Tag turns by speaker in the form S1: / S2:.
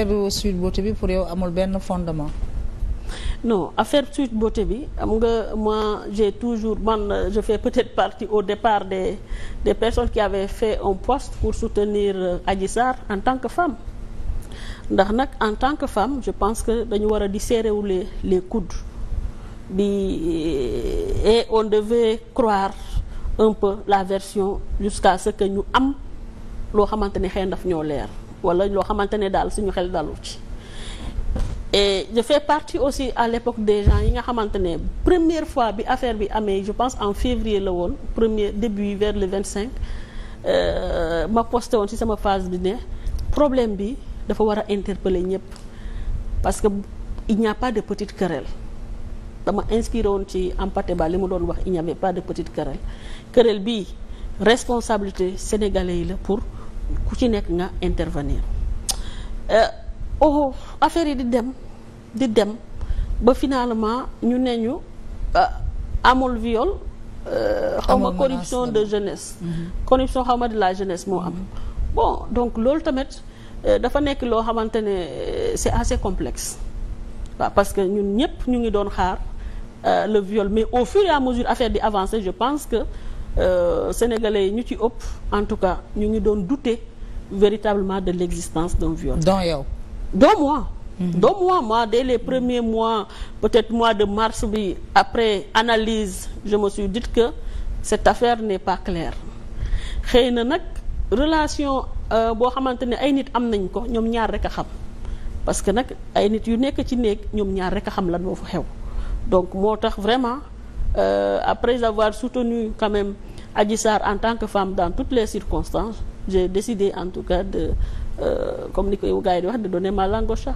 S1: affaire Sweet Beauté bi pour yow amul benn fondement. non affaire Sweet Beauté bi am nga moi j'ai toujours man je fais peut-être partie au départ des des personnes qui avaient fait un poste pour soutenir euh, Adji Sarr en tant que femme ndax nag en tant que femme je pense que dañu war a di serrewu les les bi di euh, et on devait croire un peu la version jusqu'à ce que ñu am loo xamante ni xëy daf ñoo leer. wala loo xamante ne daal suñu xel dalu ci et je fais aussi à l'époque des gens yi nga xamante ne première fois bi affaire bi amee je pense en février la woon premier début vers le 25 euh, ma posté woon ci sama phase bi ne problème bi dafa war a interpeller ñëpp parce que il n'y a pas de petite querelle dama inspiré woon ci Hampâté Bâ li mu doon wax il n'y avait pas de petite querelle querelle bi responsabilité sénégalais yi la pour. ku ci nekk nga intervenir euh, oh affaire yi di dem di dem ba finalement ñu nee ñu euh, amul viol euh, xaw ma corruption de jeunesse mm-hmm. corruption xaw ma de la jeunesse moo am mm-hmm. bon donc loolu tamit dafa nekk loo xamante ne c'est assez complexe waaw parce que ñun ñëpp ñu ngi doon xaar le viol mais au fur et mesure affaire di avancer je pense que Euh, sénégalais yi ñu ci ëpp en tout cas ñu ngi doon douter véritablement de l'existence d'un viol. donc yow. donc moi. Mhm. donc moi moi dès les premiers mois peut-être mois de mars bi après analyse je me suis dit que cette affaire ne pas claire xëy na nag relation euh, boo xamante ni ay nit am nañ ko ñoom ñaar rek a xam parce que nag ay nit yu nekk ci néeg ñoom ñaar rek a xam lan moo fa xew donc moo tax vraiment euh, après avoir soutenu quand même Adji Sarr en tant que femme dans toutes les circonstances j'ai décidé en tout cas de euh, comme ni koy gars wax de donner ma langue